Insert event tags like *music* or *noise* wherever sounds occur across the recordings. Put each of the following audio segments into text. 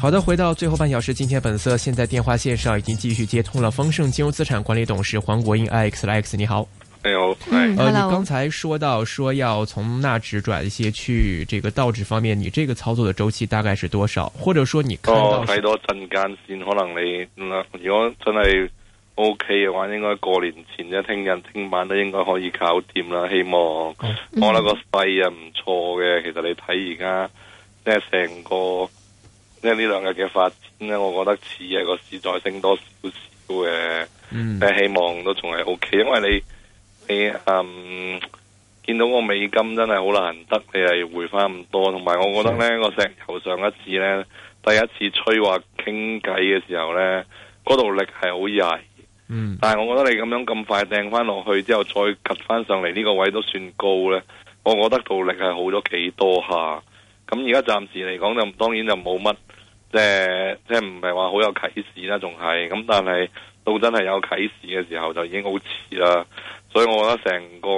好的，回到最後半小時金錢本色，現在電話線上已經繼續接通了。豐盛金融資產管理董事黃國英，Alex，Alex，你好。你好 Hello, hi.、呃。你剛才說到說要從納指轉一些去這個道指方面，你這個操作的周期大概是多少？或者說你看到？哦，多陣間先，可能你，嗯、如果真係 OK 嘅話，應該過年前即係聽日、聽晚都應該可以搞掂啦。希望我諗、嗯、個勢又唔錯嘅，其實你睇而家即係成個。即係呢兩日嘅發展咧，我覺得似係個市再升多少少嘅，但、嗯呃、希望都仲係 O K，因為你你嗯見到個美金真係好難得，你係回翻咁多，同埋我覺得咧個、嗯、石油上一次咧第一次催話傾偈嘅時候咧，嗰動力係好曳。嗯，但係我覺得你咁樣咁快掟翻落去之後再及翻上嚟呢個位都算高咧，我我覺得動力係好咗幾多下，咁而家暫時嚟講就當然就冇乜。即係即係唔係話好有啟示啦，仲係咁，但係到真係有啟示嘅時候就已經好遲啦。所以我覺得成個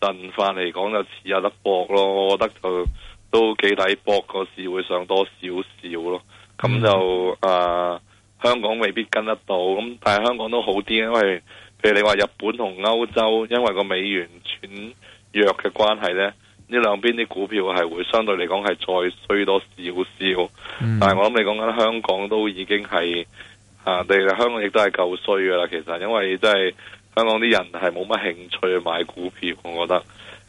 陣法嚟講就似有得搏咯，我覺得就都幾抵搏個市會上多少少咯。咁就啊、呃，香港未必跟得到咁，但係香港都好啲，因為譬如你話日本同歐洲，因為個美元轉弱嘅關係呢。呢兩邊啲股票係會相對嚟講係再衰多少少，嗯、但係我諗你講緊香港都已經係吓，你、啊、香港亦都係夠衰噶啦。其實因為真、就、係、是、香港啲人係冇乜興趣買股票，我覺得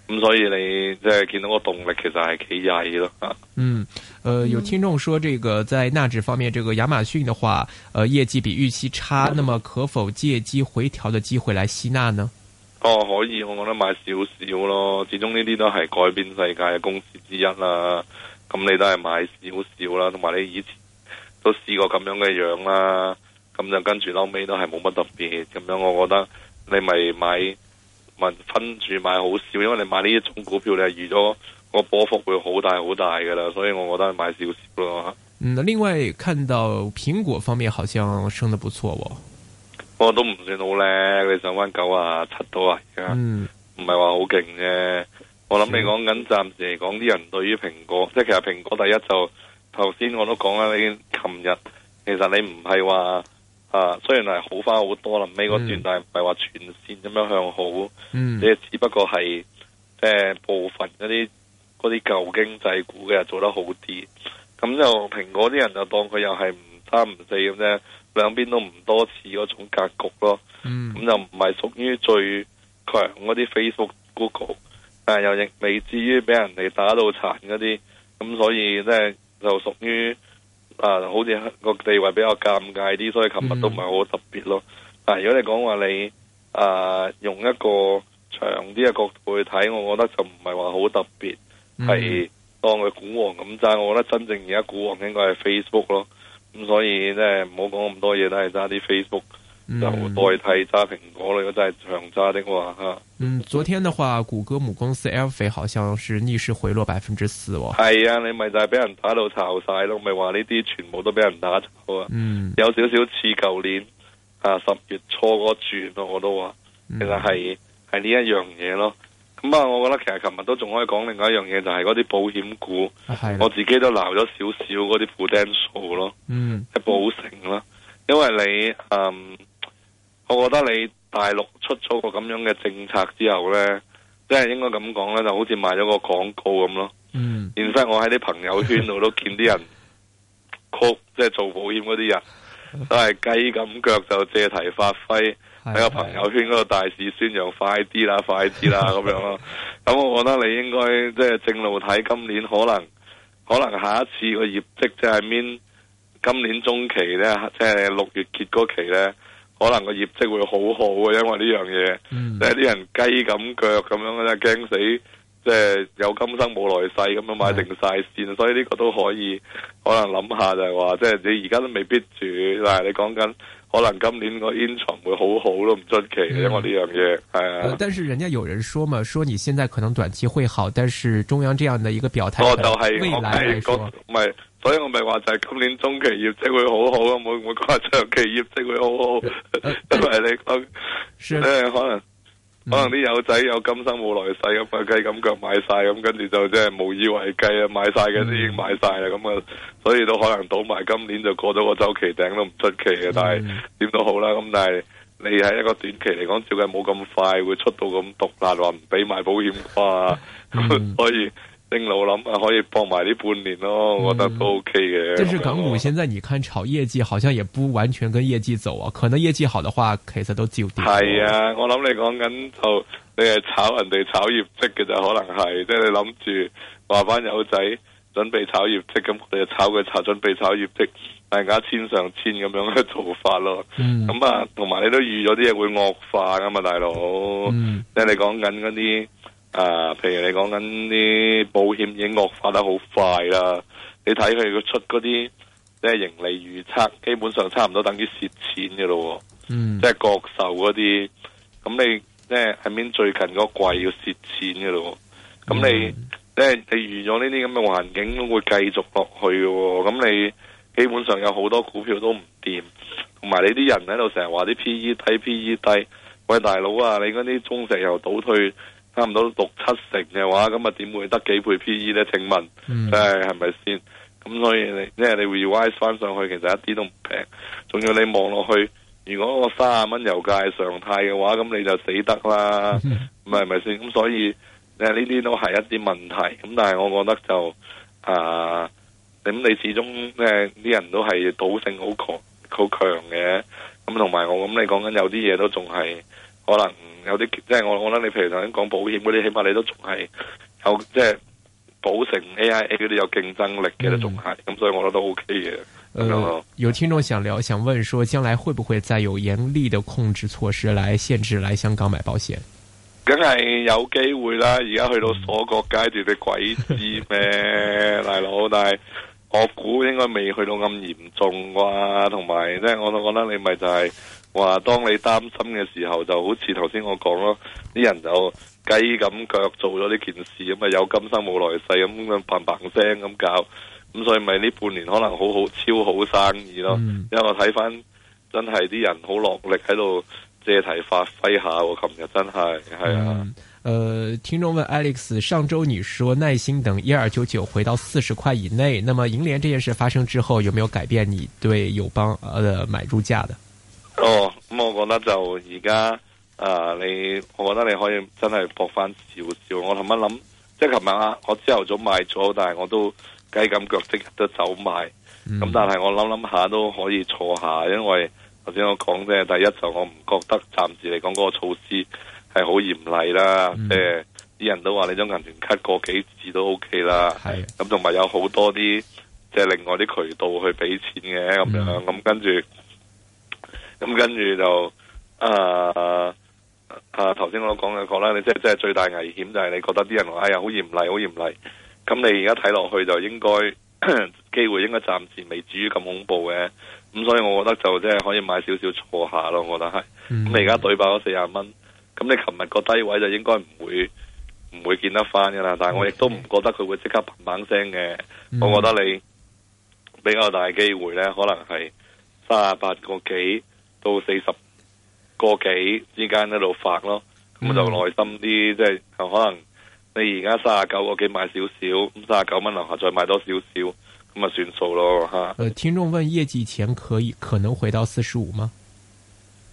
咁、嗯、所以你即係、呃、見到個動力其實係幾曳咯。嗯，誒、呃，有聽眾說，這個在納指方面，這個亞馬遜的話，誒、呃、業績比預期差，嗯、那麼可否借機回調的機會來吸納呢？哦，可以，我覺得買少少咯。始終呢啲都係改變世界嘅公司之一啦。咁你都係買少少啦，同埋你以前都試過咁樣嘅樣啦。咁就跟住撈尾都係冇乜特別。咁樣我覺得你咪買，咪分住買好少，因為你買呢一種股票，你係預咗個波幅會好大好大噶啦。所以我覺得買少少咯、嗯。另外看到蘋果方面，好像升得不錯喎、哦。不過我都唔算好靚，你上翻九啊七到啊，嗯、而家唔係話好勁啫。我諗你講緊暫時嚟講，啲人對於蘋果，即係其實蘋果第一就頭先我都講啦，你琴日其實你唔係話啊，雖然係好翻好多啦，尾嗰段，嗯、但係唔係話全線咁樣向好，嗯、你只不過係誒、即係、部分嗰啲嗰啲舊經濟股嘅做得好啲，咁就蘋果啲人就當佢又係唔三唔四咁啫。兩邊都唔多似嗰種格局咯，咁、嗯、就唔係屬於最強嗰啲 Facebook、Google，但係又亦未至於俾人哋打到殘嗰啲，咁所以即係就屬於啊，好似個地位比較尷尬啲，所以琴日都唔係好特別咯、嗯但。啊，如果你講話你啊用一個長啲嘅角度去睇，我覺得就唔係話好特別，係、嗯、當佢股王咁。但係，我覺得真正而家股王應該係 Facebook 咯。咁所以即係唔好講咁多嘢，都係揸啲 Facebook，就代替揸蘋果，你如果真係長揸的話吓。嗯，昨天的話，谷歌母公司 Alphabet 好像是逆市回落百分之四喎。係啊，你咪就係俾人打到炒晒咯，咪話呢啲全部都俾人打咗、嗯。啊。嗯，有少少似舊年，啊十月初嗰轉咯、啊，我都話，其實係係呢一樣嘢咯。咁啊，我覺得其實琴日都仲可以講另外一樣嘢，就係嗰啲保險股，啊、我自己都鬧咗少少嗰啲負擔數咯，一、嗯、保成咯。因為你，嗯，我覺得你大陸出咗個咁樣嘅政策之後呢，即係應該咁講呢，就好似賣咗個廣告咁咯。然之後、嗯、我喺啲朋友圈度都見啲人， *laughs* 人，即係做保險嗰啲人都係雞咁腳，就借題發揮。喺個 *noise* 朋友圈嗰度大肆宣揚， *noise* 快啲啦，快啲啦咁 *laughs* 樣咯。咁 *laughs* 我覺得你應該即係正路睇，今年可能可能下一次個業績即係 mean 今年中期咧，即係六月結嗰期咧，可能個業績會好好嘅，因為呢 *noise* 樣嘢即係啲人雞咁腳咁樣咧，驚死即係、就是、有今生冇來世咁樣買定晒線， *noise* 所以呢個都可以可能諗下就係話，即、就、係、是、你而家都未必住，但係你講緊。可能今年個煙塵會好好咯，唔出奇嘅，因為呢樣嘢。誒、嗯呃，但是人家有人說嘛，說你現在可能短期會好，但是中央這樣的一個表態未來，我就係我係唔係，所以我咪話就係今年中期業績會好好咯，唔會講長期業績會好好，嗯啊、因為你誒、呃、可能。嗯、可能啲友仔有今生冇來世咁啊，雞咁腳買晒咁，跟住就即係無以為繼啊，買晒嘅已經買晒啦，咁啊，所以都可能倒埋今年就過咗個周期頂都唔出奇嘅，但係點都好啦，咁但係你喺一個短期嚟講，照計冇咁快會出到咁毒辣，唔俾買保險啩，嗯、 *laughs* 所以。正路諗啊，可以搏埋呢半年咯，我、嗯、覺得都 OK 嘅。但是港股現在，你看炒業績，好像也不完全跟業績走啊。可能業績好嘅話，其實都照跌。係啊，我諗你講緊就你係炒人哋炒業績嘅就可能係，即、就、係、是、你諗住話班友仔準備炒業績，咁你就炒佢炒準備炒業績，大家千上千咁樣嘅做法咯。咁、嗯、啊，同埋你都預咗啲嘢會惡化㗎嘛，大佬。即係、嗯、你講緊嗰啲。啊，譬如你講緊啲保險已經惡化得好快啦，你睇佢佢出嗰啲即係盈利預測，基本上差唔多等於蝕錢噶咯、哦。嗯，即係國壽嗰啲，咁你即係喺邊最近嗰季要蝕錢噶咯、哦。咁、嗯、你即係你預咗呢啲咁嘅環境會繼續落去嘅、哦，咁你基本上有好多股票都唔掂，同埋你啲人喺度成日話啲 P E 低 P E 低，喂大佬啊，你嗰啲中石油倒退。差唔多六七成嘅話，咁啊點會得幾倍 PE 呢？請問，即係係咪先？咁所以你即係你，你 revise 翻上去，其實一啲都唔平。仲要你望落去，如果個三十蚊油價係常態嘅話，咁你就死得啦，唔係咪先？咁吧所以呢啲都係一啲問題。咁但係我覺得就啊，咁、呃、你始終咧啲、呃、人都係賭性好強，好強嘅。咁同埋我咁你講緊有啲嘢都仲係。可能有啲即係我，我諗你譬如頭先講保險嗰啲，起碼你都仲係有即係保成 AIA 嗰啲有競爭力嘅都仲係咁，所以我覺得都 OK 嘅。誒、呃，有聽眾想聊，想問說，將來會唔會再有嚴厲嘅控制措施嚟限制來香港買保險？梗係有機會啦，而家去到鎖國階段嘅鬼知咩，嗯、 *laughs* 大佬，但係我估應該未去到咁嚴重啩、啊，同埋即係我都覺得你咪就係、是。話當你擔心嘅時候，就好似頭先我講咯，啲人就雞咁腳做咗呢件事咁啊，有今生冇來世咁樣嘭嘭聲咁搞。咁，所以咪呢半年可能好好超好生意咯。嗯、因為我睇翻，真係啲人好落力喺度借題發揮下，我琴日真係係啊。誒、嗯呃，聽眾問 Alex，上周你說耐心等一二九九回到四十塊以內，那麼銀聯這件事發生之後，有沒有改變你對友邦嘅、呃、買入價的？哦，咁我覺得就而家，啊，你我覺得你可以真係搏翻少少。我頭一諗，即係琴晚啊，我朝頭早買咗，但係我都雞咁腳即刻都走賣。咁但係我諗諗下都可以坐下，因為頭先我講咧，第一就我唔覺得暫時嚟講嗰個措施係好嚴厲啦。即係，啲人都話你將銀聯卡過幾次都 OK 啦。係。咁同埋有好多啲即係另外啲渠道去俾錢嘅咁樣，咁跟住。咁跟住就，啊啊！頭、啊、先我講嘅講啦，你即係即係最大危險就係你覺得啲人話哎呀好嚴厲好嚴厲，咁你而家睇落去就應該機會應該暫時未至於咁恐怖嘅，咁所以我覺得就即係可以買少少坐下咯，我覺得係。咁、嗯、你而家對爆咗四十蚊，咁你琴日個低位就應該唔會唔會見得翻噶啦，但係我亦都唔覺得佢會即刻砰砰聲嘅，嗯、我覺得你比較大機會咧，可能係三十八個幾。到四十個幾之間喺度發咯，咁就耐心啲，嗯、即係可能你而家三十九個幾買少少，咁三十九蚊樓下再買多少少，咁啊算數咯吓。誒、呃，聽眾問業績前可以可能回到四十五嗎？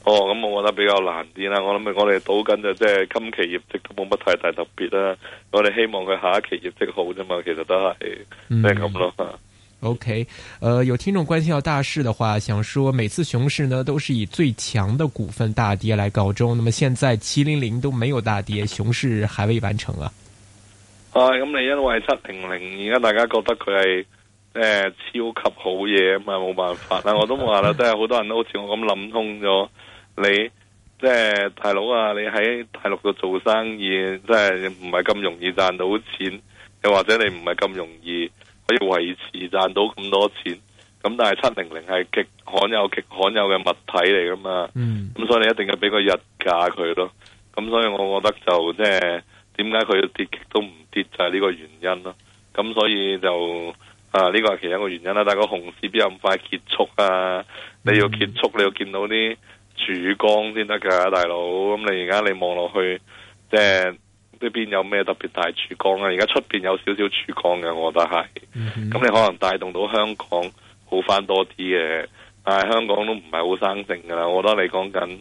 哦，咁我覺得比較難啲啦。我諗我哋賭緊就即係今期業績都冇乜太大特別啦。我哋希望佢下一期業績好啫嘛，其實都係即係咁咯、嗯嗯。O K，誒，有聽眾關心到大市的話，想說每次熊市呢，都是以最強的股份大跌來告終。那麼現在七零零都沒有大跌，熊市還未完成啊。啊、嗯，咁你因為七零零而家大家覺得佢係誒超級好嘢，咁啊冇辦法啦。我都話啦，真係好多人都好似我咁諗通咗，你即係、就是、大佬啊，你喺大陸度做生意，即係唔係咁容易賺到錢，又或者你唔係咁容易。要維持賺到咁多錢，咁但係七零零係極罕有、極罕有嘅物體嚟噶嘛？咁、嗯、所以你一定要俾個溢價佢咯。咁所以我覺得就即係點解佢要跌極都唔跌就係呢個原因咯。咁所以就啊，呢個係其中一個原因啦。但係個熊市邊有咁快結束啊？你要結束，你要見到啲曙光先得㗎，大佬。咁你而家你望落去，即係。嗯呢邊有咩特別大曙光啊？而家出邊有少少曙光嘅，我覺得係。咁、嗯、哼你可能帶動到香港好翻多啲嘅，但係香港都唔係好生性噶啦。我覺得你講緊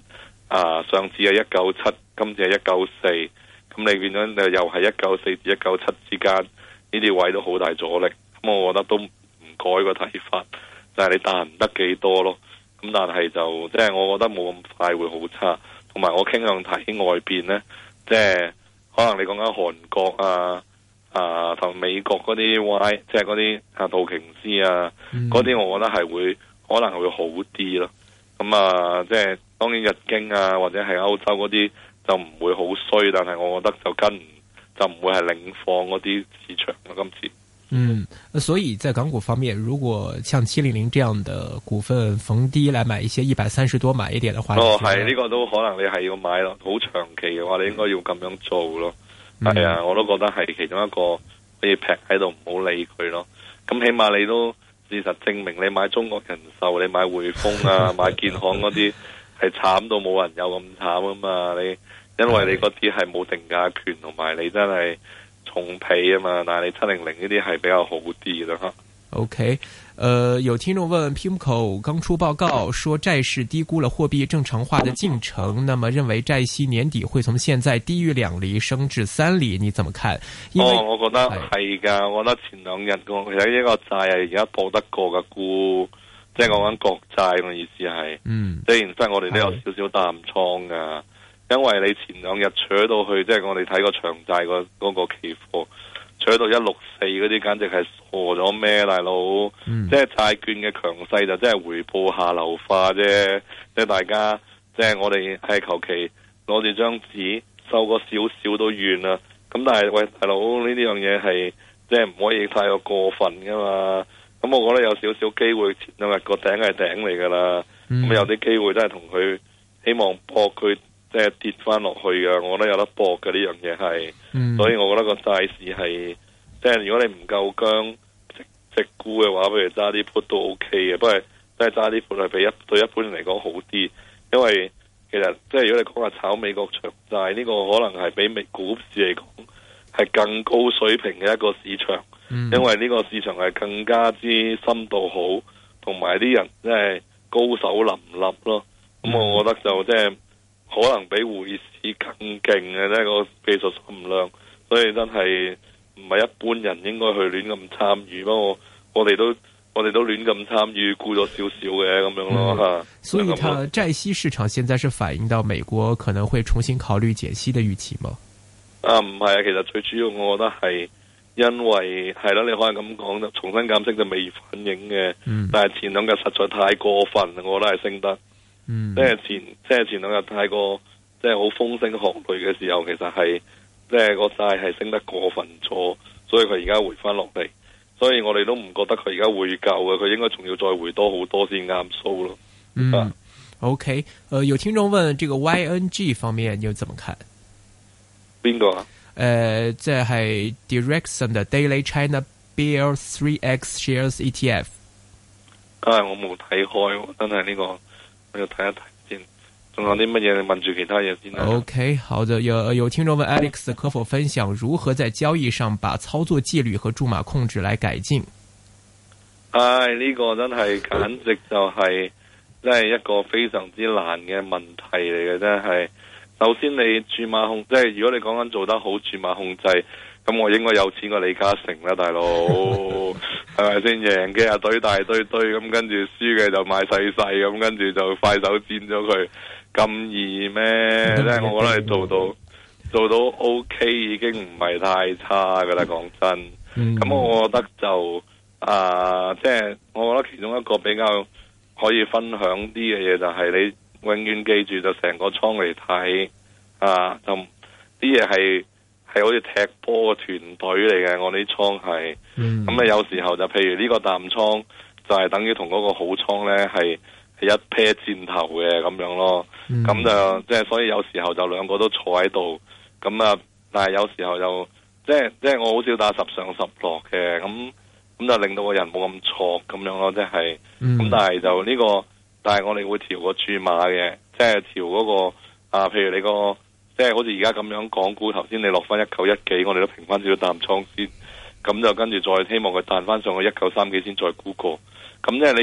啊，上次係一九七，今次係一九四，咁你變咗又係一九四至一九七之間呢啲位都好大阻力。咁我覺得都唔改個睇法，但係你彈唔得幾多咯。咁但係就即係我覺得冇咁快會好差，同埋我傾向睇外邊呢，即係。可能你講緊韓國啊，啊同美國嗰啲 Y，即係嗰啲啊道瓊斯啊，嗰啲、嗯、我覺得係會可能會好啲咯。咁啊，即係當然日經啊，或者係歐洲嗰啲就唔會好衰，但係我覺得就跟唔就唔會係領放嗰啲市場啦，今次。嗯，所以在港股方面，如果像七零零這樣的股份逢低來買一些一百三十多買一點的話，哦係呢個都可能你係要買咯，好長期嘅話你應該要咁樣做咯，係啊、嗯，我都覺得係其中一個可以劈喺度唔好理佢咯。咁起碼你都事實證明你買中國人壽、你買匯豐啊、 *laughs* 買建行嗰啲係慘到冇人有咁慘啊嘛，你因為你嗰啲係冇定價權同埋你真係。重皮啊嘛，但係你七零零呢啲係比較好啲咯，吓。OK，誒，有聽眾問 PIMCO 剛出報告說債市低估了貨幣正常化的進程，那麼認為債息年底會從現在低於兩厘升至三厘，你怎麼看？因為哦，我覺得係噶，是我覺得前兩日我睇呢個債啊，而家報得過嘅，估，即係講緊國債嘅意思係，嗯，雖然我哋都有少少淡倉噶。因為你前兩日取到去，即、就、係、是、我哋睇個長債個嗰個期貨，取到一六四嗰啲，簡直係傻咗咩，大佬！嗯、即係債券嘅強勢就即係回報下流化啫，即係大家，即係我哋係求其攞住張紙收個少少都怨啦。咁但係喂，大佬呢啲樣嘢係即係唔可以太過過分噶嘛。咁我覺得有少少機會，前兩日個頂係頂嚟噶啦。咁、嗯、有啲機會真係同佢希望破佢。即係跌翻落去嘅，我覺得有得搏嘅呢樣嘢係，嗯、所以我覺得個債市係，即係如果你唔夠薑，直直沽嘅話，不如揸啲 put 都 OK 嘅，不過都係揸啲 put 係比一對一般人嚟講好啲，因為其實即係如果你講話炒美國長債呢個可能係比美股市嚟講係更高水平嘅一個市場，嗯、因為呢個市場係更加之深度好，同埋啲人即係高手林立咯，咁、嗯嗯、我覺得就即係。可能比會計師更勁嘅呢個技術含量，所以真係唔係一般人應該去亂咁參與，不過我我哋都我哋都亂咁參與，估咗少少嘅咁樣咯吓。嗯啊、所以佢債息市場現在是反映到美國可能會重新考慮解息的預期嘛？啊唔係啊，其實最主要我覺得係因為係啦，你可以咁講，重新減息就未反映嘅。嗯、但係前兩日實在太過分我覺得係升得。即係、嗯嗯、前即係前兩日太過，即係好風聲鶴唳嘅時候，其實係即係個債係升得過分咗，所以佢而家回翻落地，所以我哋都唔覺得佢而家會夠嘅，佢應該仲要再回多好多先啱數咯。嗯、啊、OK，誒、呃，有聽眾問，呢個 Y N G 方面你又怎麼看？邊個、啊？誒、呃，即係 Direction Daily China Bull Three X Shares ETF。梗係、啊、我冇睇開喎，真係呢個。我要睇一睇先，仲有啲乜嘢？你問住其他嘢先。OK，好的，有有聽眾問 Alex，可否分享如何在交易上把操作紀律和注碼控制來改進？唉，呢個真係簡直就係真係一個非常之難嘅問題嚟嘅，真係。首先，你注碼控，即係如果你講緊做得好，注碼控制。咁我應該有錢過李嘉誠啦，大佬係咪先贏嘅就堆大堆堆，咁跟住輸嘅就買細細，咁跟住就快手剪咗佢咁易咩？ *laughs* 即係我覺得你做到做到 OK 已經唔係太差㗎喇，講真。咁 *laughs* 我，我覺得就啊、呃，即係我覺得其中一個比較可以分享啲嘅嘢，就係你永遠記住就成個倉嚟睇啊，就啲嘢係。係好似踢波嘅團隊嚟嘅，我啲倉係，咁啊、嗯、有時候就譬如呢個淡倉就係等於同嗰個好倉呢係係一 pair 箭頭嘅咁樣咯，咁、嗯、就即係、就是、所以有時候就兩個都坐喺度，咁啊，但係有時候就，即係即係我好少打十上十落嘅，咁咁就令到個人冇咁錯咁樣咯，即、就、係、是，咁、嗯、但係就呢、這個，但係我哋會調個注碼嘅，即係調嗰、那個啊，譬如你、那個。即係好似而家咁樣講，估頭先你落翻一九一幾，我哋都平翻少少淡倉先，咁就跟住再希望佢彈翻上去一九三幾先再沽過。咁即係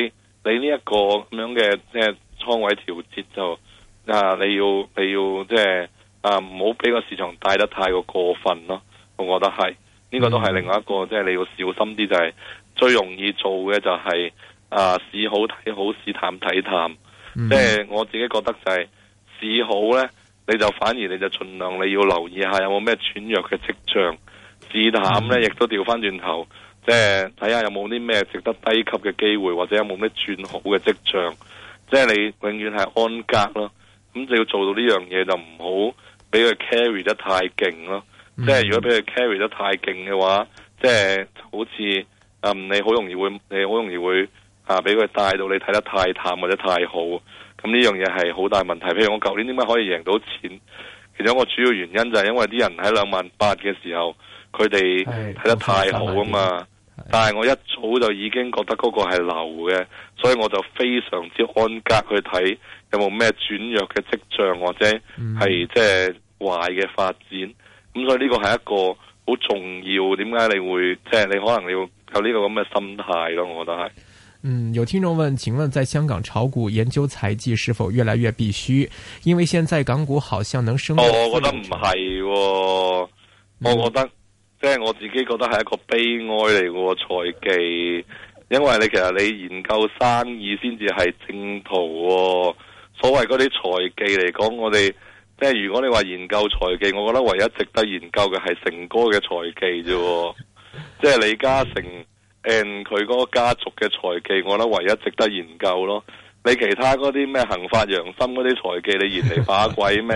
你你呢一個咁樣嘅即係倉位調節就啊，你要你要即係啊，唔好俾個市場帶得太過過分咯。我覺得係呢、這個都係另外一個、mm hmm. 即係你要小心啲、就是，就係最容易做嘅就係、是、啊，市好睇好，市淡睇淡。Mm hmm. 即係我自己覺得就係、是、市好咧。你就反而你就儘量你要留意下有冇咩轉弱嘅跡象，至淡呢亦都調翻轉頭，即係睇下有冇啲咩值得低級嘅機會，或者有冇咩轉好嘅跡象。即係你永遠係安格咯，咁就要做到呢樣嘢就唔好俾佢 carry 得太勁咯。即係、嗯、如果俾佢 carry 得太勁嘅話，即係好似啊、嗯、你好容易會你好容易會啊俾佢帶到你睇得太淡或者太好。咁呢樣嘢係好大問題，譬如我舊年點解可以贏到錢？其中一個主要原因就係因為啲人喺兩萬八嘅時候，佢哋睇得太好啊嘛。但係我一早就已經覺得嗰個係流嘅，是所以我就非常之安格去睇有冇咩轉弱嘅跡象或者係即係壞嘅發展。咁、嗯、哼所以呢個係一個好重要。點解你會即係、就是、你可能要有呢個咁嘅心態咯？我覺得係。嗯，有聽眾問，請問在香港炒股研究財技是否越來越必須？因為現在港股好像能升到喎。我覺得唔係，我覺得即係我自己覺得係一個悲哀嚟嘅、喎、財技，因為你其實你研究生意先至係正途、喎。所謂嗰啲財技嚟講，我哋即係如果你話研究財技，我覺得唯一值得研究嘅係成哥嘅財技啫、喎，即係李嘉誠。 *laughs* 佢嗰個家族嘅財技，我覺得唯一值得研究咯。你其他嗰啲咩行法揚心嗰啲財技，你嫌嚟把鬼咩？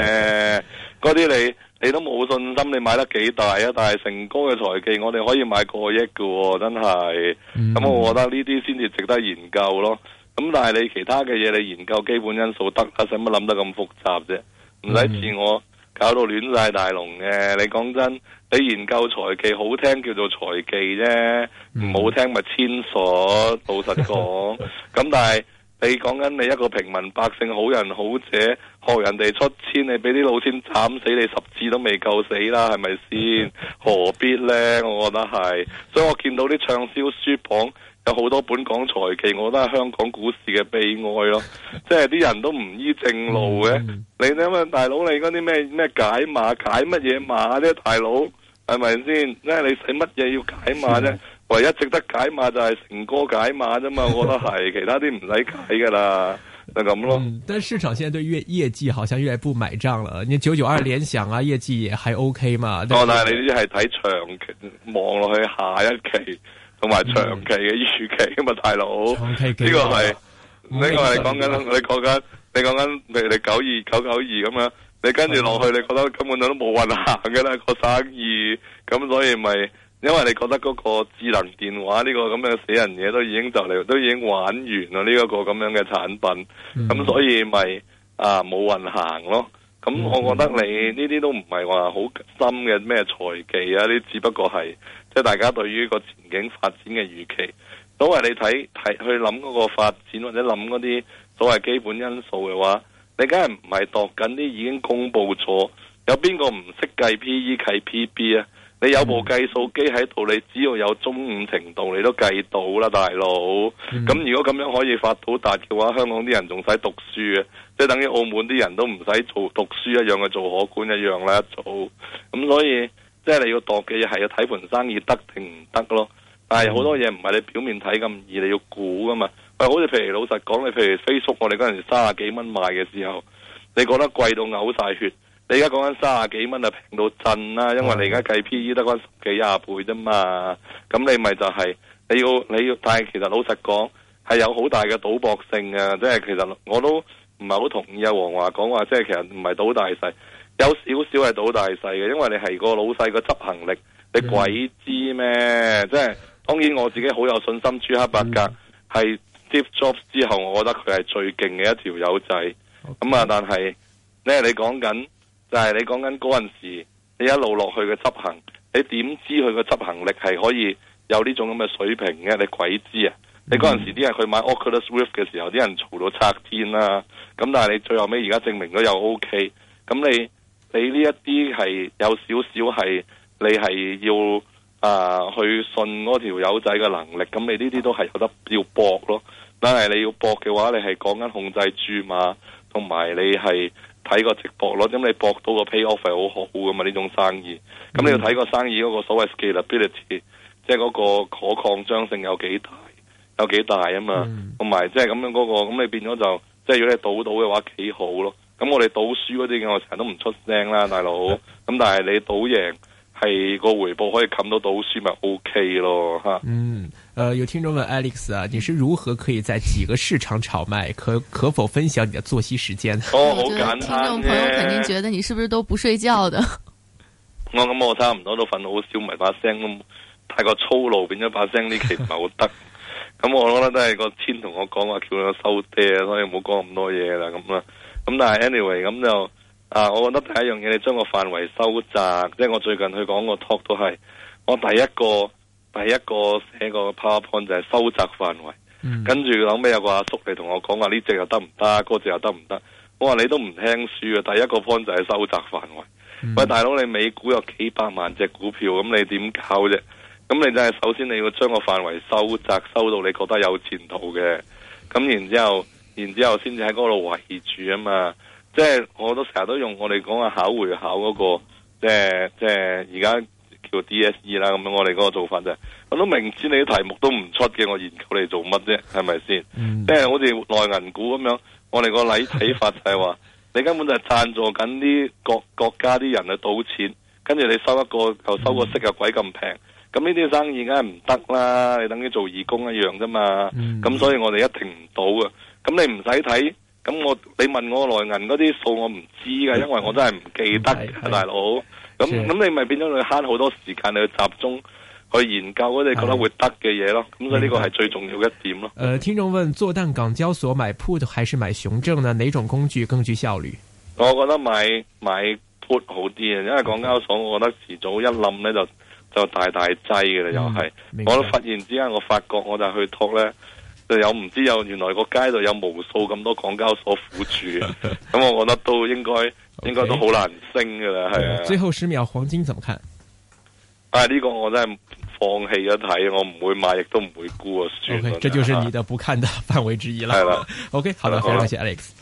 嗰啲你你都冇信心，你買得幾大啊？但係成哥嘅財技，我哋可以買過億㗎，真係。咁我覺得呢啲先至值得研究咯。咁但係你其他嘅嘢，你研究基本因素得呀，使乜諗得咁複雜啫？唔使自我搞到亂晒大龍嘅。你講真。你研究財技，好聽叫做財技啫，唔好聽咪千所老實講，咁 *laughs* 但係你講緊你一個平民百姓，好人好者，學人哋出千，你俾啲老千斬死你十次都未夠死啦，係咪先？何必呢？我覺得係，所以我見到啲暢銷書榜，有好多本講財技，我覺得係香港股市嘅悲哀咯。即係啲人都唔依正路嘅。 *laughs* 你諗下，大佬你嗰啲咩咩解碼解乜嘢碼咧，大佬？係咪先？咧你使乜嘢要解碼啫？唯一值得解碼就係成哥解碼啫嘛，我覺得係其他啲唔使解噶啦，就咁咯。但市場現在對業業績好像越嚟越不買賬啦。你九九二聯想啊，業績也還 OK 嘛？哦，但係你呢啲係睇長期望落去下一期同埋長期嘅預期啊嘛，大佬。呢個係呢個係講緊我哋講緊，你講緊你九二九九二咁樣。你跟住落去，你覺得根本都冇運行嘅啦個生意，咁所以咪因為你覺得嗰個智能電話呢個咁嘅死人嘢都已經就嚟，都已經玩完啦呢一個咁樣嘅產品，咁所以咪啊冇運行咯。咁我覺得你呢啲都唔係話好深嘅咩財技啊，呢只不過係即係大家對於個前景發展嘅預期。都係你睇睇去諗嗰個發展或者諗嗰啲所謂基本因素嘅話。你梗係唔係度緊啲已經公布咗？有邊個唔識計 P E 計 P B 啊？你有部計數機喺度，你只要有中五程度，你都計到啦，大佬。咁、mm hmm. 如果咁樣可以發到達嘅話，香港啲人仲使讀書啊？即係等於澳門啲人都唔使做讀書一樣嘅做可觀一樣啦，做。咁所以即係你要度嘅嘢係要睇盤生意得定唔得咯？但係好多嘢唔係你表面睇咁易，而你要估噶嘛。係、啊、好似譬如老實講，你譬如 Facebook，我哋嗰陣時三十幾蚊買嘅時候，你覺得貴到嘔晒血，你而家講緊三十幾蚊啊，平到震啦、啊，因為你而家計 P E 得嗰十幾廿倍啫嘛，咁你咪就係、是、你要你要但係其實老實講係有好大嘅賭博性啊，即係其實我都唔係好同意阿、啊、黃華講話，即係其實唔係賭大細，有少少係賭大細嘅，因為你係個老細個執行力，你鬼知咩？嗯、即係當然我自己好有信心，朱克伯格係。Deep Drop 之後，我覺得佢係最勁嘅一條友仔。咁啊 Okay.、嗯，但係咧，你講緊就係、係、你講緊嗰陣時，你一路落去嘅執行，你點知佢嘅執行力係可以有呢種咁嘅水平嘅？你鬼知啊！Mm hmm. 你嗰陣時啲人去買 Oculus Rift 嘅時候，啲人嘈到拆天啦、啊。咁但係你最後尾而家證明咗又 O、OK, K。咁你你呢一啲係有少少係你係要啊、呃、去信嗰條友仔嘅能力。咁你呢啲都係有得要搏咯。但係你要博嘅話，你係講緊控制注碼，同埋你係睇個直播咯。咁你博到個 pay off 係好好噶嘛？呢種生意，咁你要睇個生意嗰個所謂 scalability，即係嗰個可擴張性有幾大，有幾大啊嘛？同埋即係咁樣嗰、那個，咁你變咗就即係、就是、如果你賭到嘅話，幾好咯。咁我哋賭輸嗰啲嘅，我成日都唔出聲啦，大佬。咁、嗯、但係你賭贏，係個回報可以冚到賭輸咪 OK 咯，吓。嗯。誒、呃，有聽眾問 Alex 啊，你是如何可以在幾個市場炒賣？可可否分享你的作息時間？哦，好簡單嘅。聽眾朋友肯定覺得你是不是都不睡覺的？我咁、啊嗯嗯、我差唔多都瞓到好少，咪把聲咁太過粗魯，變咗把聲呢期唔係好得。咁我、 *laughs* 嗯、我覺得都係個天同我講話叫你我收爹，所以冇講咁多嘢啦咁啦。咁、嗯、但係 anyway 咁就啊，我覺得第一樣嘢你將個範圍收窄，即係我最近去講個 talk 都係我第一個。第一個寫個 power point 就係收窄範圍，嗯、跟住後尾有個阿叔嚟同我講話呢隻又得唔得，嗰隻又得唔得？我話你都唔聽書啊！第一個 point 就係收窄範圍。嗯、喂，大佬你美股有幾百萬隻股票，咁你點搞啫？咁你真係首先你要將個範圍收窄，收到你覺得有前途嘅，咁然之後，然之後先至喺嗰度圍住啊嘛。即係我都成日都用我哋講嘅考會考嗰個，即係即係而家，就是叫 DSE 啦，咁樣我哋嗰個做法就係、是，我都明知你啲題目都唔出嘅，我研究你做乜啫？係咪先？即係、嗯呃、好似內銀股咁樣，我哋個禮睇法就係話， *laughs* 你根本就係贊助緊啲國國家啲人去賭錢，跟住你收一個就收個息又鬼咁平，咁呢啲生意梗係唔得啦，你等於做義工一樣啫嘛。咁、嗯、所以我哋一定唔到啊。咁你唔使睇，咁我你問我內銀嗰啲數我唔知噶，因為我真係唔記得，大佬。咁咁是你咪變咗你慳好多時間，你去集中去研究嗰啲覺得會得嘅嘢咯。咁、哎、所以呢個係最重要一點咯。誒、呃，聽眾問：做淡港交所買 put 還是買熊證呢？哪種工具更具效率？我覺得買買 put 好啲啊，因為港交所我覺得遲早一冧咧就就大大劑嘅啦，又係。我都忽然之間我發覺，我就去托咧，就有唔知有原來個街度有無數咁多港交所輔助，咁 *laughs* 我覺得都應該。Okay. 應該都好難升噶啦，係啊、嗯。的最後十秒黃金怎麼看？啊呢、這個我真係放棄咗睇，我唔會買亦都唔會沽啊。O Okay , K，看這就是你的不看的範圍之一啦。係啦 O K，好的，的非常感謝，謝 Alex 的。拜拜。